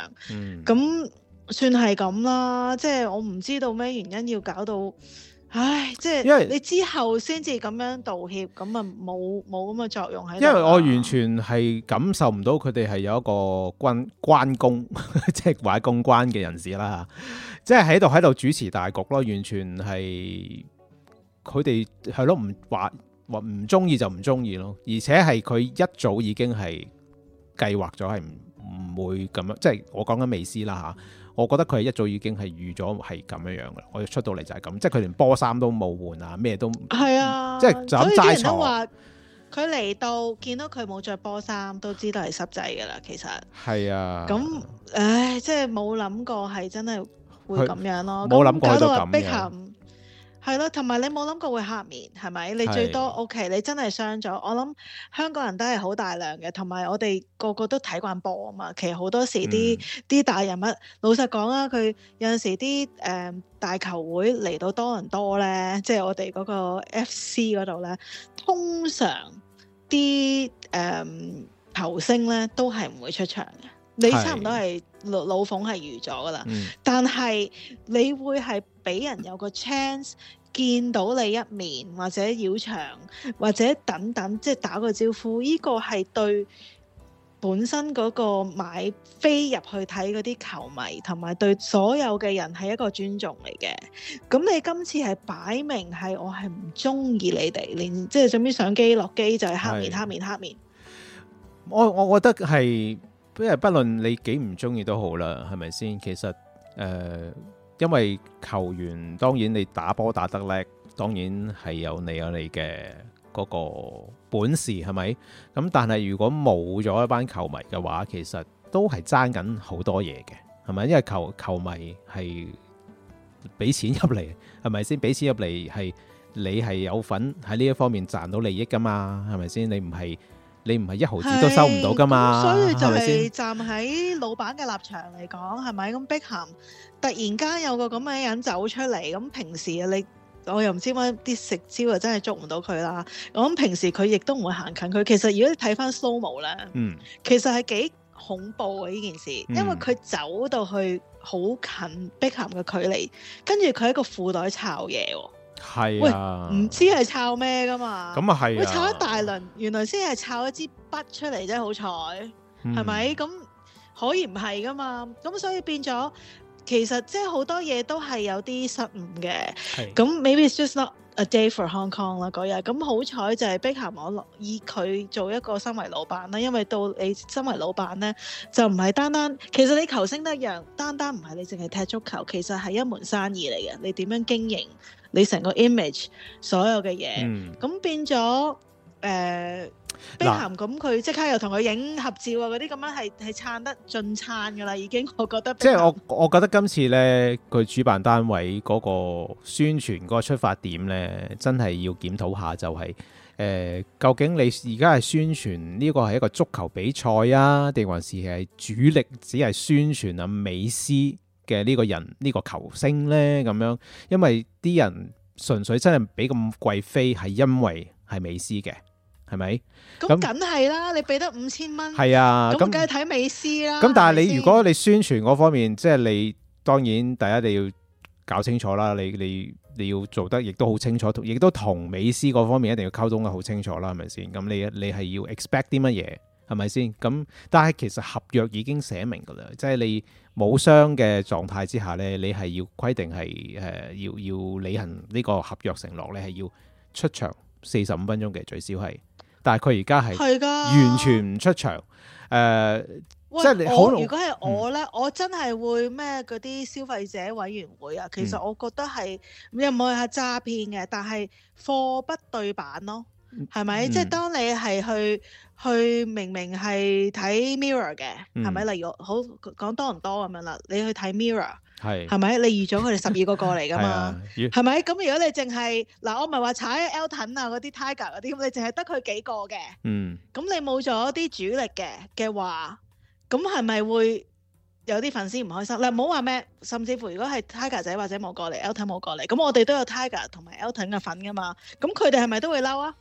咁、嗯、算係咁啦，即係我唔知道咩原因要搞到，唉，即係你之後先至咁樣道歉，咁啊冇冇咁嘅作用喺度。因為我完全係感受唔到佢哋係有一個關關公，即係話公關嘅人士啦，嚇、就是，即係喺度喺度主持大局咯，完全係。佢哋係咯，唔話話唔中意就唔中意咯，而且係佢一早已經係計劃咗，係唔唔會咁，即係我講緊美斯啦嚇。我覺得佢係一早已經係預咗係咁樣樣嘅，我哋出到嚟就係咁，即係佢連波衫都冇換都啊，咩都係啊，即係就咁齋坐。所以話佢嚟到見到佢冇着波衫，都知道係濕滯噶啦。其實係啊，咁唉，即係冇諗過係真係會咁樣咯。冇諗過到咁。係咯，同埋你冇諗過會黑面，係咪？你最多 OK，的你真係傷咗。我諗香港人都係好大量嘅，同埋我哋個個都睇慣波啊嘛。其實好多時啲啲大人物，嗯、老實講啊，佢有陣時啲誒、呃、大球會嚟到多倫多咧，即係我哋嗰個 FC 嗰度咧，通常啲誒球星咧都係唔會出場嘅。你差唔多係。老馮係預咗噶啦，嗯、但係你會係俾人有個 chance 見到你一面，或者繞場，或者等等，即係打個招呼。呢、呢個係對本身嗰個買飛入去睇嗰啲球迷，同埋對所有嘅人係一個尊重嚟嘅。咁你今次係擺明係我係唔中意你哋，連即係準備上機落機就係黑面黑面黑面。我我覺得係。不過不，不論你幾唔中意都好啦，係咪先？其實，誒、呃，因為球員，當然你打波打得叻，當然係有你有你嘅嗰個本事，係咪？咁但係如果冇咗一班球迷嘅話，其實都係爭緊好多嘢嘅，係咪？因為球球迷係俾錢入嚟，係咪先？俾錢入嚟係你係有份喺呢一方面賺到利益㗎嘛，係咪先？你唔係。你唔係一毫子都收唔到噶嘛，所以就先？站喺老闆嘅立場嚟講，係咪咁？碧咸突然間有個咁嘅人走出嚟，咁平時你我又唔知點解啲食招又真係捉唔到佢啦。咁平時佢亦都唔會行近佢。其實如果你睇翻 s l o S、嗯、 其實係幾恐怖嘅呢件事，嗯、因為佢走到去好近碧咸嘅距離，跟住佢喺個褲袋炒嘢喎，係，啊、喂，唔知係抄咩噶嘛？咁啊係，喂，抄一大輪，原來先係抄一支筆出嚟啫，好彩，係咪、嗯？咁可以唔係噶嘛？咁所以變咗，其實即係好多嘢都係有啲失誤嘅，咁是 maybe it's just not。A day for Hong Kong 啦嗰日，咁好彩就係碧咸網絡以佢做一個身為老闆啦，因為到你身為老闆咧，就唔係單單，其實你球星都一樣，單單唔係你淨係踢足球，其實係一門生意嚟嘅。你點樣經營，你成個 image，所有嘅嘢，咁、嗯、變咗誒。呃碧咸咁佢即刻又同佢影合照啊！嗰啲咁樣係係撐得盡撐噶啦，已經我覺得。即係我我覺得今次呢，佢主辦單位嗰個宣傳嗰個出發點呢，真係要檢討下，就係、是、誒、呃，究竟你而家係宣傳呢個係一個足球比賽啊，定還是係主力只係宣傳啊美斯嘅呢個人呢、呢個球星呢？咁樣，因為啲人純粹真係俾咁貴飛係因為係美斯嘅。係咪？咁梗係啦，你俾得五千蚊，係啊，咁梗係睇美斯啦。咁但係你如果你宣傳嗰方面，即係你當然，大家一定要搞清楚啦，你你你要做得亦都好清楚，亦都同美斯嗰方面一定要溝通得好清楚啦，係咪先？咁你你係要 expect 啲乜嘢，係咪先？咁但係其實合約已經寫明噶啦，即係你冇傷嘅狀態之下呢，你係要規定係誒要要履行呢個合約承諾，你係要出場四十五分鐘嘅最少係。但係佢而家係係噶完全唔出場，誒，即係你好我如果係我咧，嗯、我真係會咩嗰啲消費者委員會啊，其實我覺得係、嗯、有冇係詐騙嘅，但係貨不對版咯，係咪？嗯、即係當你係去。去明明係睇 mirror 嘅，係咪、嗯？例如好講多唔多咁樣啦，你去睇 mirror 係是，係咪？你預咗佢哋十二個過嚟噶嘛？係咪、 啊？咁、嗯嗯嗯、如果你淨係嗱，我唔係話踩 Elton 啊嗰啲 Tiger 嗰啲咁，你淨係得佢幾個嘅，嗯，咁你冇咗啲主力嘅嘅話，咁係咪會有啲粉絲唔開心？嗱，唔好話咩，甚至乎如果係 Tiger 仔或者冇過嚟，Elton 冇過嚟，咁我哋都有 Tiger 同埋 Elton 嘅粉噶嘛，咁佢哋係咪都會嬲啊？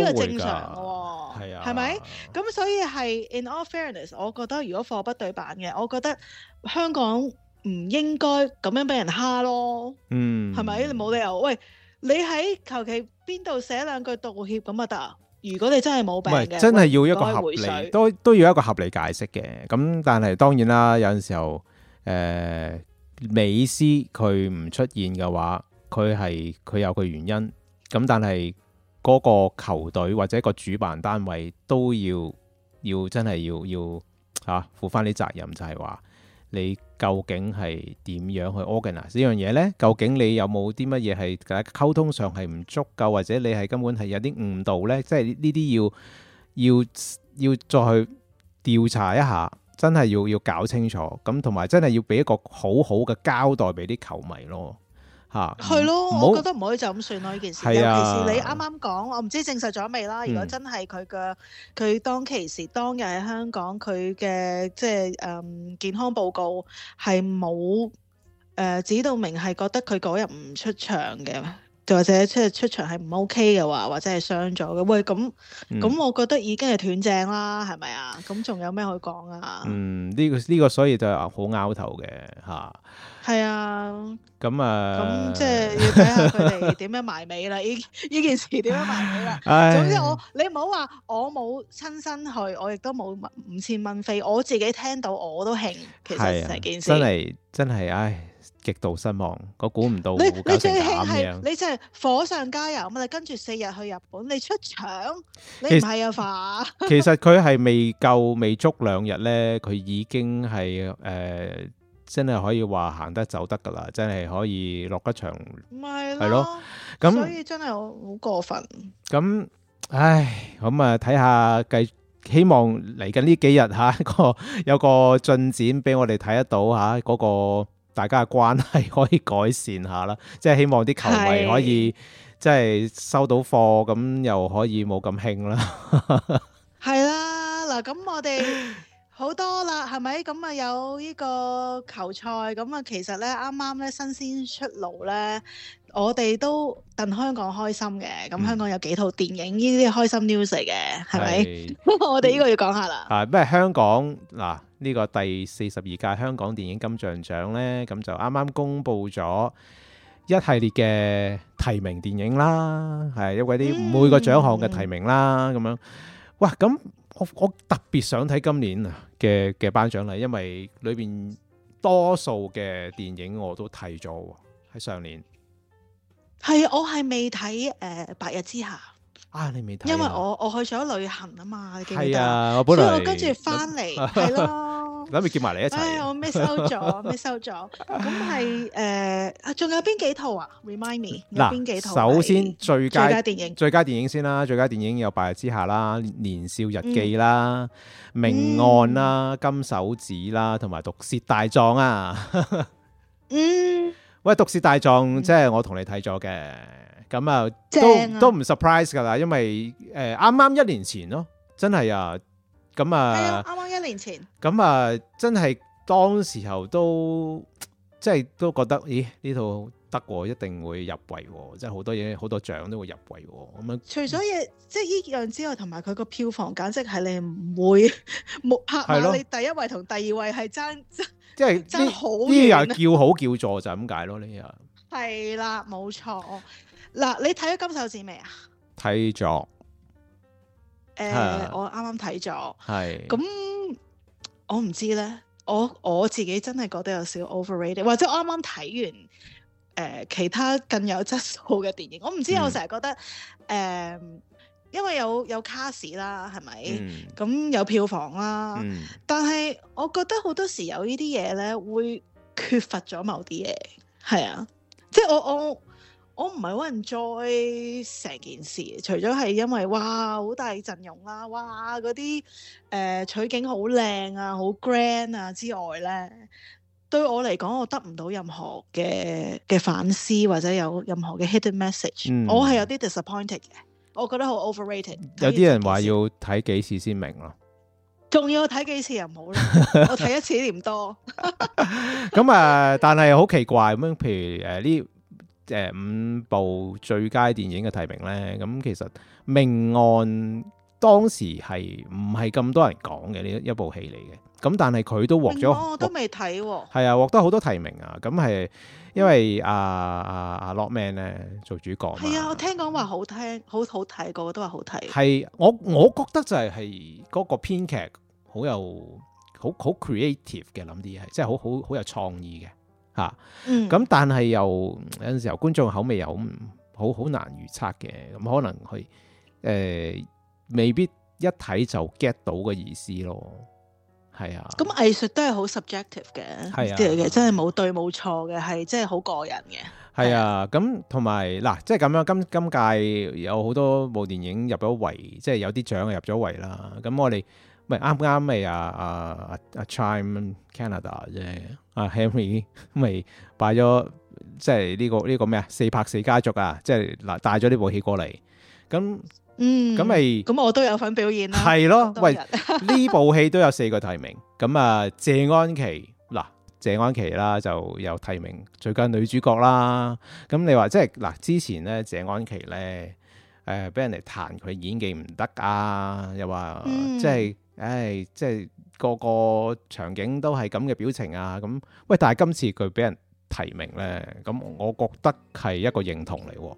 呢個正常嘅喎，係啊，係咪？咁所以係。In all fairness，我覺得如果貨不對版嘅，我覺得香港唔應該咁樣俾人蝦咯。嗯，係咪？你冇理由，喂，你喺求其邊度寫兩句道歉咁啊得啊？如果你真係冇病，唔係真係要一個合理，都都要一個合理解釋嘅。咁但係當然啦，有陣時候，誒、呃，美斯佢唔出現嘅話，佢係佢有個原因。咁但係。嗰個球隊或者個主辦單位都要要真係要要啊負翻啲責任，就係話你究竟係點樣去 organize 呢樣嘢呢？究竟你有冇啲乜嘢係嘅溝通上係唔足夠，或者你係根本係有啲誤導呢？即係呢啲要要要再去調查一下，真係要要搞清楚咁，同埋真係要俾一個好好嘅交代俾啲球迷咯。嚇，係咯，我覺得唔可以就咁算咯呢件事。啊、尤其是你啱啱講，我唔知證實咗未啦。如果真係佢嘅佢當其時當日喺香港佢嘅即係誒、嗯、健康報告係冇誒指到明，係覺得佢嗰日唔出場嘅。或者即係出場係唔 OK 嘅話，或者係傷咗嘅，喂咁咁，我覺得已經係斷正啦，係咪啊？咁仲有咩可以講啊？嗯，呢個呢個所以就係好拗頭嘅吓，係啊。咁啊。咁、嗯、即係要睇下佢哋點樣埋尾啦。呢依 件事點樣埋尾啦？哎、總之我你唔好話我冇親身去，我亦都冇五千蚊飛，我自己聽到我都興。其實成件事、啊、真係真係唉。極度失望，我估唔到你，你最興係你真係火上加油嘛？你跟住四日去日本，你出場你唔係啊？反其實佢係未夠未足兩日咧，佢已經係誒、呃、真係可以話行得走得噶啦，真係可以落一場，係咯咁，所以真係好過分咁。唉，咁啊睇下，計希望嚟緊呢幾日嚇、啊、個有個進展，俾我哋睇得到嚇嗰、啊那個。大家嘅關係可以改善下啦，即係希望啲球迷可以是即係收到貨，咁又可以冇咁興啦。係 啦、啊，嗱咁我哋。 好多啦，係咪？咁啊有呢個球賽，咁啊其實咧啱啱咧新鮮出爐咧，我哋都戥香港開心嘅。咁香港有幾套電影呢啲開心 news 嚟嘅，係咪？不過我哋呢個要講下啦。啊，咩香港嗱？呢個第四十二屆香港電影金像獎咧，咁就啱啱公布咗一系列嘅提名電影啦，係因為啲每個獎項嘅提名啦，咁樣。哇，咁。我我特別想睇今年嘅嘅頒獎禮，因為裏邊多數嘅電影我都睇咗喺上年。係我係未睇誒《白日之下》啊，你未睇？因為我我去咗旅行啊嘛，係啊，我本來我跟住翻嚟係咯。諗住叫埋你一齊、 哎。我咩收咗，咩收咗。咁係誒，仲、呃、有邊幾套啊？Remind me。有邊幾套？首先最佳，最佳電影，最佳電影先啦。最佳電影有《白日之下》啦，《年少日記》啦，《命案》啦，《金手指》啦、啊，同 埋、嗯《毒舌大狀》嗯嗯、啊。嗯。喂，《毒舌大狀》即係我同你睇咗嘅，咁啊都都唔 surprise 噶啦，因為誒啱啱一年前咯，真係啊。 咁啊，啱啱、嗯、一年前。咁啊、嗯嗯，真係當時候都即係都覺得，咦呢套得喎，一定會入圍喎，即係好多嘢好多獎都會入圍。咁、嗯、啊，除咗了嘢，嗯、即係呢樣之外，同埋佢個票房簡直係你唔會目 拍到馬的你第一位同第二位係爭，即係爭好遠。呢樣叫好叫座就係咁解咯，呢樣。係啦，冇錯。嗱，你睇咗金手指未啊？睇咗。誒，我啱啱睇咗，咁我唔知咧，我我自己真係覺得有少 overrated 或者我啱啱睇完誒、呃、其他更有質素嘅電影，我唔知、嗯、我成日覺得誒、呃，因為有有 cast 啦，係咪？咁、嗯、有票房啦，嗯、但係我覺得好多時有呢啲嘢咧，會缺乏咗某啲嘢，係啊，即係我我。我我我唔係好 enjoy 成件事，除咗係因為哇好大陣容啦，哇嗰啲誒取景好靚啊，好 grand 啊之外咧，對我嚟講，我得唔到任何嘅嘅反思或者有任何嘅 hidden message，我係有啲 disappointed 嘅，我覺得好 overrated。有啲人話要睇幾次先明咯，仲要睇幾次又唔好咧，我睇一次嫌多。咁啊，但係好奇怪咁樣，譬如誒呢。誒，五部最佳電影嘅提名咧，咁其實命案當時係唔係咁多人講嘅呢一部戲嚟嘅，咁但係佢都獲咗，我都未睇喎，係啊，獲得好多提名啊，咁係因為阿阿阿 Lokman 咧做主角，係啊，我聽講話好聽，好好睇，個個都話好睇，係我我覺得就係係嗰個編劇好有好好 creative 嘅諗啲嘢，即係好好好有創意嘅。嚇，咁、啊、但係又有陣時候觀眾口味又好，好好難預測嘅，咁可能佢誒、呃、未必一睇就 get 到嘅意思咯，係啊。咁、嗯、藝術都係好 subjective 嘅，啲嘢嘅真係冇對冇錯嘅，係真係好個人嘅。係啊，咁同埋嗱，即係咁樣，今今屆有好多部電影入咗圍，即、就、係、是、有啲獎入咗圍啦。咁我哋。啱啱咪啊啊啊！Chime Canada 啫，啊,啊, Canada, Yeah. 啊 Henry 咪擺咗即係呢、這個呢、這個咩啊？四拍四家族啊，即係嗱帶咗呢部戲過嚟，咁嗯咁咪咁我都有份表演啦、啊，係咯？喂，呢 部戲都有四個提名，咁啊，謝安琪嗱，謝安琪啦就有提名最佳女主角啦，咁你話即係嗱之前咧謝安琪咧，誒、呃、俾人哋彈佢演技唔得啊，又話即係。嗯唉、哎，即係個個場景都係咁嘅表情啊！咁喂，但係今次佢俾人提名咧，咁我覺得係一個認同嚟。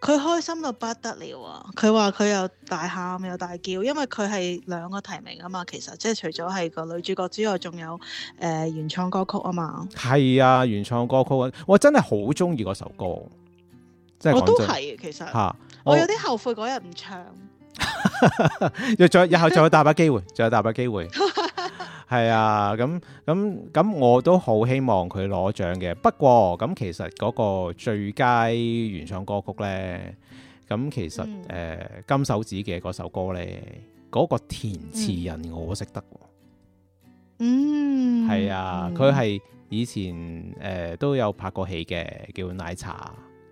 佢開心到不得了啊！佢話佢又大喊又大叫，因為佢係兩個提名啊嘛。其實即係除咗係個女主角之外，仲有誒、呃、原創歌曲啊嘛。係啊，原創歌曲，我真係好中意嗰首歌。我都係，其實、啊、我，我有啲後悔嗰日唔唱。又再日後再有大把機會，再有大把機會，係 啊，咁咁咁，我都好希望佢攞獎嘅。不過咁其實嗰個最佳原創歌曲呢，咁其實誒、嗯呃、金手指嘅嗰首歌呢，嗰、嗰個填詞人我識得，嗯，係啊，佢係、嗯、以前誒、呃、都有拍過戲嘅，叫奶茶。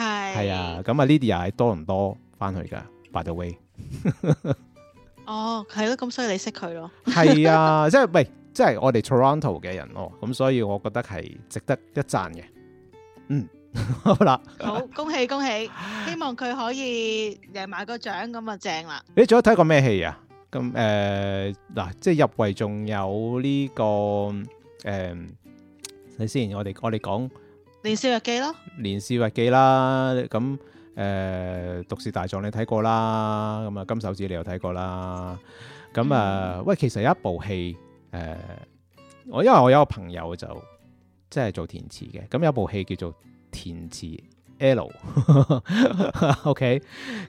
係，係啊，咁啊，Lydia 喺多倫多翻去噶？By the way，哦，係咯，咁所以你識佢咯？係啊，即係喂，即係我哋 Toronto 嘅人咯，咁所以我覺得係值得一讚嘅。嗯，好啦，好恭喜恭喜，希望佢可以贏埋個獎咁啊正啦。你仲有睇過咩戲啊？咁誒，嗱，即係入圍仲有呢個誒，你先，我哋我哋講。《年少日記》咯，《年少日記》啦，咁誒，呃《毒舌大狀》你睇過啦，咁啊，《金手指》你又睇過啦，咁啊、嗯，喂、呃，其實有一部戲誒、呃，我因為我有個朋友就即係做填詞嘅，咁有部戲叫做、啊《填詞 L》，OK，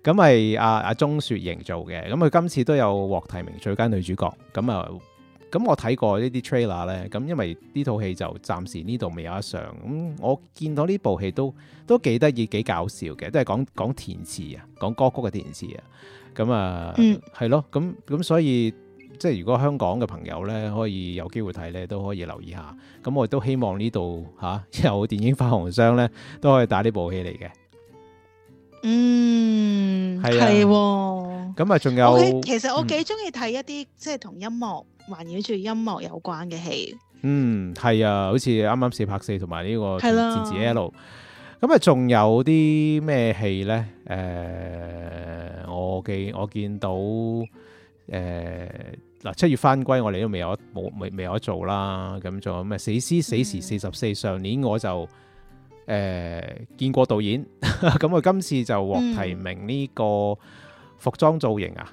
咁係阿阿鍾雪瑩做嘅，咁佢今次都有獲提名最佳女主角，咁啊。咁我睇過呢啲 trailer 咧，咁因為呢套戲就暫時呢度未有得上，咁我見到呢部戲都都幾得意，幾搞笑嘅，都係講講填詞啊，講歌曲嘅填詞啊，咁啊、嗯，係咯，咁咁所以即係如果香港嘅朋友咧，可以有機會睇咧，都可以留意下。咁我都希望呢度吓有電影發行商咧都可以打呢部戲嚟嘅。嗯，係喎。咁啊，仲、哦啊、有，其實我幾中意睇一啲、嗯、即係同音樂，環繞住音樂有關嘅戲，嗯，係啊，好似啱啱四拍四同埋呢個《填詞 L》，咁啊，仲有啲咩戲咧？誒、呃，我記我見到誒嗱、呃，七月返歸，我哋都未有冇未未有得做啦。咁仲有咩死屍死時四十四？上年我就誒、呃、見過導演，咁 我今次就獲提名呢個服裝造型啊，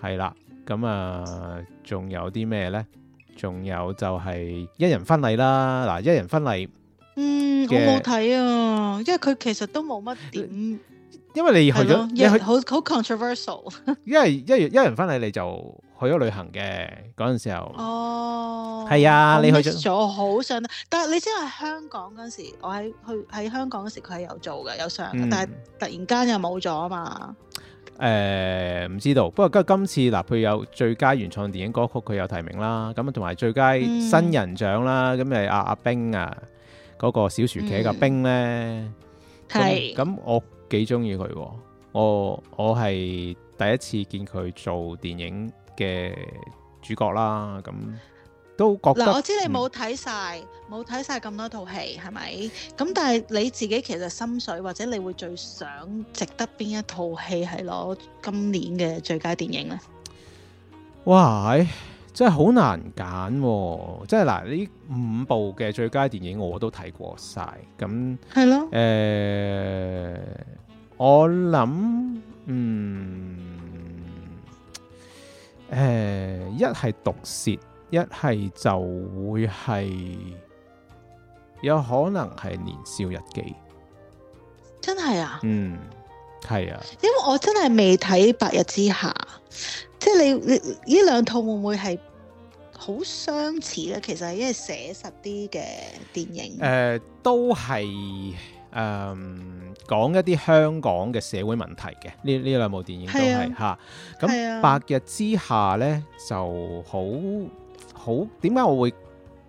係啦、嗯。咁啊，仲有啲咩咧？仲有就係一人婚禮啦。嗱，一人婚禮，嗯，嗯好好睇啊。因為佢其實都冇乜點，因為你去咗，好好 controversial。去 cont 因為一人一人婚禮，你就去咗旅行嘅嗰陣時候。哦，係啊，你去咗，我好想，但係你知喺香港嗰時，我喺去喺香港嗰時，佢係有做嘅，有上，嗯、但係突然間又冇咗啊嘛。誒唔、呃、知道，不過今今次嗱佢有最佳原創電影歌曲佢有提名啦，咁同埋最佳新人獎啦，咁誒阿阿冰啊嗰、嗰個小薯茄個冰咧，係咁我幾中意佢喎，我我係第一次見佢做電影嘅主角啦，咁。嗱，我知你冇睇晒，冇睇晒咁多套戲，係咪？咁但係你自己其實心水或者你會最想值得邊一套戲係攞今年嘅最佳電影呢？哇，真係好難揀，即係嗱，呢五部嘅最佳電影我都睇過晒，咁係咯？誒，我諗，嗯，誒，一係毒舌。一係就會係有可能係年少日記，真係啊！嗯，係啊。因為我真係未睇白日之下，即係你你呢兩套會唔會係好相似咧？其實係因為寫實啲嘅電影，誒、呃，都係誒、呃、講一啲香港嘅社會問題嘅呢呢兩部電影都係吓。咁白日之下咧就好。好，點解我會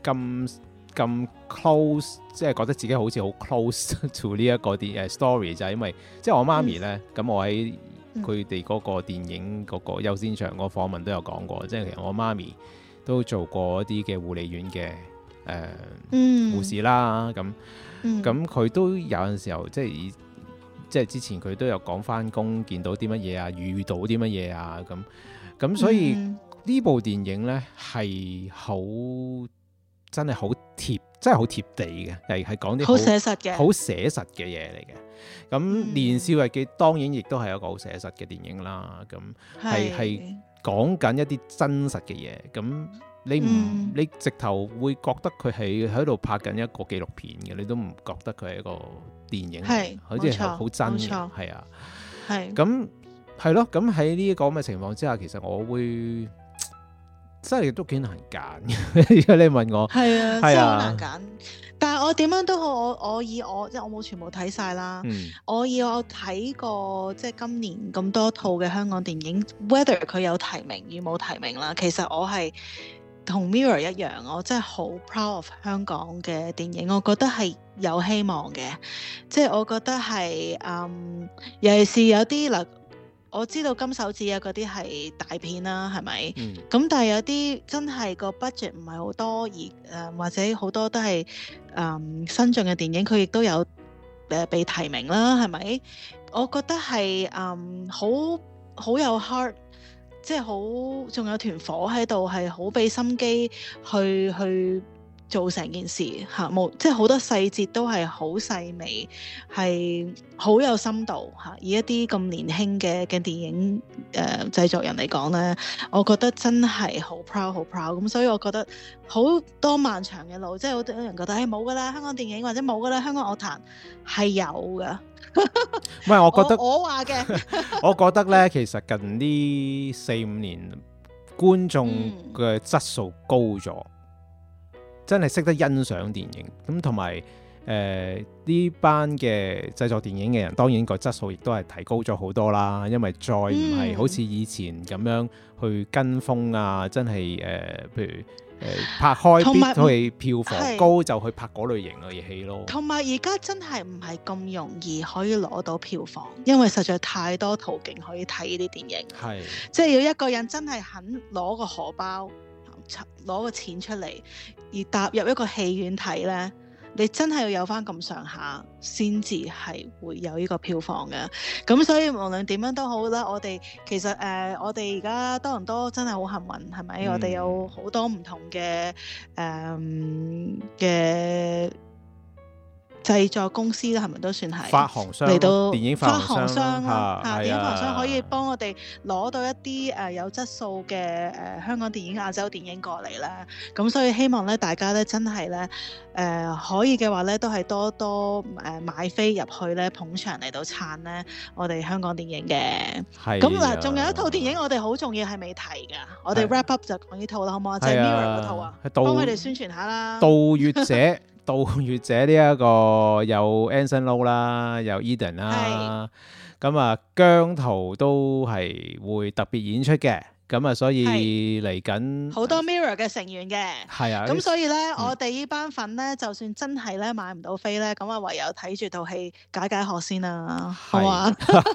咁咁 close，即係覺得自己好似好 close to 呢一個啲 story 就係因為，即係我媽咪呢。咁、嗯、我喺佢哋嗰個電影嗰個優先場嗰訪問都有講過，即係其實我媽咪都做過一啲嘅護理院嘅誒、呃嗯、護士啦，咁咁佢都有陣時候即係即係之前佢都有講返工見到啲乜嘢啊，遇到啲乜嘢啊，咁咁所以。嗯呢部電影呢係好真係好貼，真係好貼地嘅，係係講啲好寫實嘅、好、嗯、寫實嘅嘢嚟嘅。咁、嗯《年少日記》當然亦都係一個好寫實嘅電影啦。咁係係講緊一啲真實嘅嘢。咁是你唔你直頭會覺得佢係喺度拍緊一個紀錄片嘅，你都唔覺得佢係一個電影，係、嗯、好似係好真嘅。係、嗯嗯、啊，係咁係咯。咁喺呢個咁嘅情況之下，其實我會。真係都幾難揀，而 家你問我係啊，啊真係好難揀。但係我點樣都好，我我以我即係我冇全部睇晒啦。我以我嗯、睇過即係今年咁多套嘅香港電影，whether 佢有提名與冇提名啦。其實我係同 Mirror 一樣，我真係好 proud of 香港嘅電影。我覺得係有希望嘅，即係我覺得係嗯，尤其是有啲嗱。我知道金手指啊嗰啲係大片啦，係咪？咁、嗯、但係有啲真係個 budget 唔係好多，而誒或者好多都係誒、嗯、新進嘅電影，佢亦都有誒被提名啦，係咪？我覺得係誒、嗯、好好有 heart，即係好仲有團火喺度，係好俾心機去去。去做成件事嚇，冇即係好多細節都係好細微，係好有深度嚇。以一啲咁年輕嘅嘅電影誒製作人嚟講咧，我覺得真係好 proud，好 proud。咁所以我覺得好多漫長嘅路，即係好多人覺得唉冇㗎啦，香港電影或者冇㗎啦，香港樂壇係有㗎。唔係我覺得我話嘅，我覺得咧，其實近呢四五年觀眾嘅質素高咗。真係識得欣賞電影咁，同埋誒呢班嘅製作電影嘅人，當然個質素亦都係提高咗好多啦。因為再唔係好似以前咁樣去跟風啊，嗯、真係誒、呃，譬如誒、呃、拍開啲有票房高是就去拍嗰類型嘅戲咯。同埋而家真係唔係咁容易可以攞到票房，因為實在太多途徑可以睇呢啲電影。係是，即係要一個人真係肯攞個荷包攞個錢出嚟。而踏入一個戲院睇呢，你真係要有翻咁上下，先至係會有呢個票房嘅。咁所以無論點樣都好啦，我哋其實誒、呃，我哋而家多倫多真係好幸運，係咪？嗯、我哋有好多唔同嘅誒嘅。呃製作公司咧，係咪都算係發行商嚟來到？發行商咯，嚇，啊、電影發行商可以幫我哋攞到一啲誒有質素嘅誒香港電影、亞洲電影過嚟咧。咁所以希望咧，大家咧真係咧誒可以嘅話咧，都係多多誒買飛入去咧，捧場嚟到撐咧我哋香港電影嘅。係、啊。咁嗱，仲有一套電影，我哋好重要係未提噶，啊、我哋 wrap up 就講呢套啦，好唔好啊？即係 Mirror 嗰套啊，幫佢哋宣傳下啦，《盜月者》。 《盜月者》呢、這、一個有 Anson Lo 啦，有 Eden 啦，咁啊是、嗯、姜濤都係會特別演出嘅，咁、嗯、啊所以嚟緊好多 Mirror 嘅成員嘅，係啊，咁所以咧、嗯、我哋呢班粉咧就算真係咧買唔到飛咧，咁啊唯有睇住套戲解解渴先啦，係啊，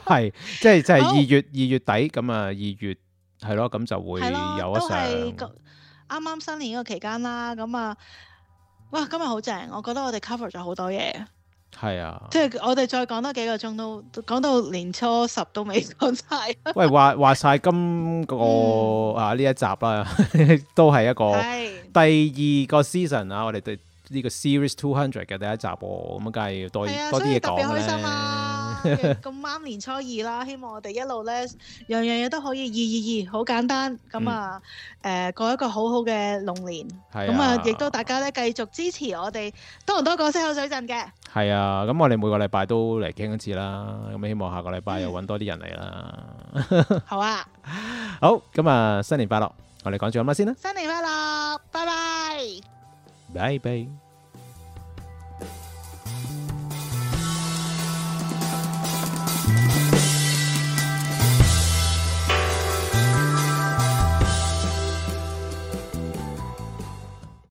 係即係就係、是、二月二好月底咁啊，二月係咯，咁就會有一場啱啱新年嗰個期間啦，咁啊。哇，今日好正，我覺得我哋 cover 咗好多嘢，係啊，即係我哋再講多幾個鐘都講到年初十都未講晒。 喂話話晒今個、嗯、啊呢一集啦、啊， 都係一個是第二個 season 啊，我哋對呢個 series two hundred 嘅第一集喎、啊，咁梗係要多多啲嘢講咧。咁 啱年初二啦，希望我哋一路咧樣各樣嘢都可以二二二，好簡單。咁、嗯、啊，誒、嗯、過一個好好嘅龍年。咁啊，亦、嗯、都大家咧繼續支持我哋多倫多港式口水陣嘅。係啊，咁我哋每個禮拜都嚟傾一次啦。咁希望下個禮拜又搵多啲人嚟啦。 好啊，好，咁啊新年快樂，我哋講住咁啊先啦。新年快樂，拜拜，拜拜。